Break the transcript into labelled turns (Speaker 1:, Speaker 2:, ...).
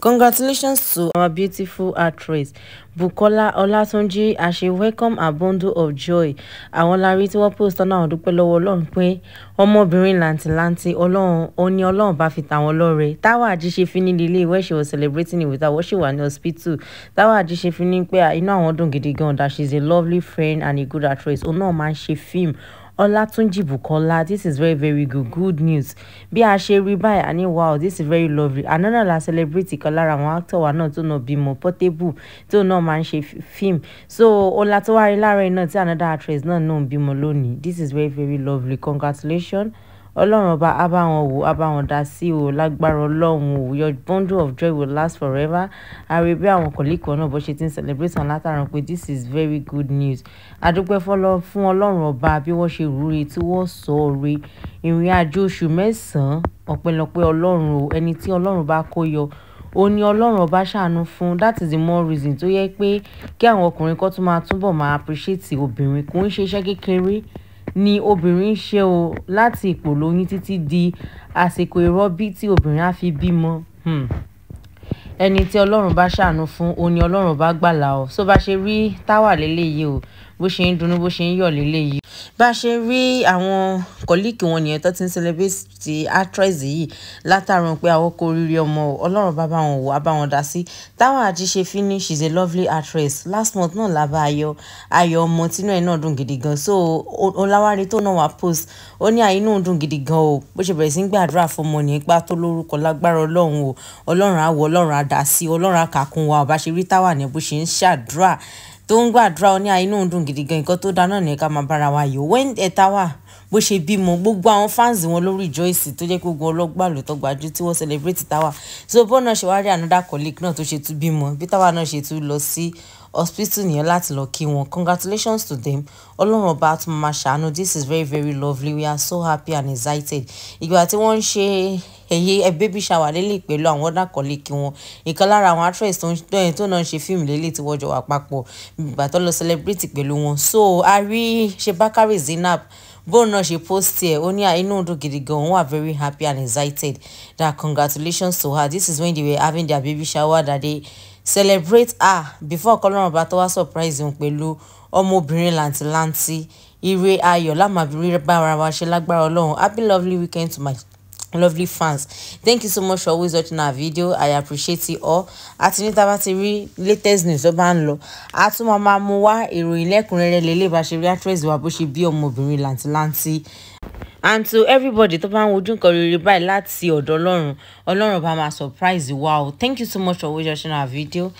Speaker 1: Congratulations to our beautiful actress Bukola Olatunji as she welcomed her bundle of joy. Àwọn la rí tí wọ́n post ọ̀nà àwọn dúpẹ́ lọ́wọ́ Ọlọ́run pé ọmọbìnrin làǹtìlanti Ọlọ́run ó ní Ọlọ́run bá fi tàwọn lọ́rẹ. Táwa Ajíṣefínní lílé where she was celebrating with her wọ́n ṣì wà ní hospital. Táwa Ajíṣefínní pé ah, inú àwọn dùn gidi gan that she is a lovely friend and a good actress. Òun náà máa ń ṣe fíìmù. Olatunji Bukola, this is very, very good, good news. Bí a ṣe rí báyìí, a ní wow, this is very lovely. Àná náà la celebrity, ìkan lára àwọn actor wa náà tó náà bímọ Portable tó náà máa ń ṣe film. So Ọlá tó wá rí lára ẹ̀ tí another actress náà náà ń bímọ lónìí. This is very, very lovely. Congratulations ọlọ́run ọba á bá wọn wò á bá wọn dá sí o lágbára ọlọ́run o your bundle of joy will last forever ààrẹ bí àwọn kọ̀líkì náà bó ṣe ti ń celebrate àwọn látàrán pé this is very good news àdúpẹ́ fún ọlọ́run ọba bí wọ́n ṣe rúre tí wọ́n sọ ọ́re ìrìn àjò oṣù mẹ́sàn-án ọpẹ́lọpẹ́ ọlọ́run o ẹni tí ọlọ́run bá kó yọ ó ní ọlọ́run ọba ṣàánú fún that is the more reason tó yẹ pé kí àwọn ọkùnrin kan tún máa túbọ̀ máa appreciate obìnrin kò ń ṣe iṣẹ́ kékeré ni obìnrin ń ṣe ó láti ìpolóyún títí di àsìkò ìrọbí tí obìnrin á fi bímọ um ẹni tí ọlọ́run bá ṣàánú fún òun ni ọlọ́run bá gbàlà ó sọ bá ṣe rí táwa lélẹ́yìí o bó ṣe ń dunnú bó ṣe ń yọ̀ léléyìí bá a ṣe rí àwọn kọ́líìkì wọn nìyẹn tó ti ń celebrate ti actress yìí látàrun pé àwọn kò rírí ọmọ ọlọ́run bá bá wọn wò á bá wọn dá sí táwọn àti ṣe finish she is a lovely actress last month náà la bá ayọ̀ ayọ̀ ọmọ tínú ẹ̀ náà dùn gidi gan so ọláwárí tó náà wà post ó ní àyínú dùn gidi gan o bó ṣe bẹ̀rẹ̀ sí ń gbàdúrà fọmọ nípa tó lórúkọ lágbára ọlọ́run o ọlọ́run á wò ọlọ́run á dá sí ọlọ́run á kàkún wa ọ̀bá ṣe rí táwa ní ṣe ń ṣàdúrà tó ń gbàdúrà ó ní àìnú ń gidi gan nǹkan tó dáná ní ká máa bára wa yòó wẹ́n ẹ̀ta wà bó ṣe bímọ gbogbo àwọn fans wọn lórí Rejoice tó jẹ́ gbogbo ọlọ́gbà ló tó gbajú tí wọ́n celebrate táwa so bọ́ọ̀ náà ṣe wá rí another colleague náà tó ṣe tún bímọ bí táwa náà ṣe tún lọ sí hospital nìyẹn láti lọ kí wọn congratulations to them ọlọ́run ọba tó máa ṣàánú this is very very lovely we are so happy and excited ìgbà tí wọ́n ń ṣe èyí baby shower lélẹ̀ pẹ̀lú àwọn ọ̀dà kọ̀lẹ́kì wọn ìkan lára àwọn actress tó ń tó náà ṣe fíìmù lélẹ̀ tí wọ́n jọ wà papọ̀ ìgbà tó lọ celebrate pẹ̀lú wọn so a rí ṣe bákàrè Zainab bóun náà ṣe post ẹ ó ní ah, inú dùn gidi gan òun wà very happy and excited that congratulations to her this is when they were having their baby shower that they celebrate her before kọlọ́run ọba tó wá surprise òun pẹ̀lú ọmọbìnrin làǹtìlanti ire ayọ̀ lámàbírí bára wa ṣe lágbára ọlọ́run happy lovely weekend to my lovely fans thank you so much for always watching our video i appreciate you all àti níta bá ti rí latest news tó bá ń lọ a tún máa máa mú wá ìròyìn lẹ́kùnrẹ́rẹ́ lélẹ́ bá ṣe rí actress wa bó ṣe bí ọmọbìnrin làǹtìlanti and to everybody tó bá ń wojú nǹkan rere báyìí láti ọ̀dọ̀ ọlọ́run ọlọ́run bá máa surprise wa o thank you so much for watching our video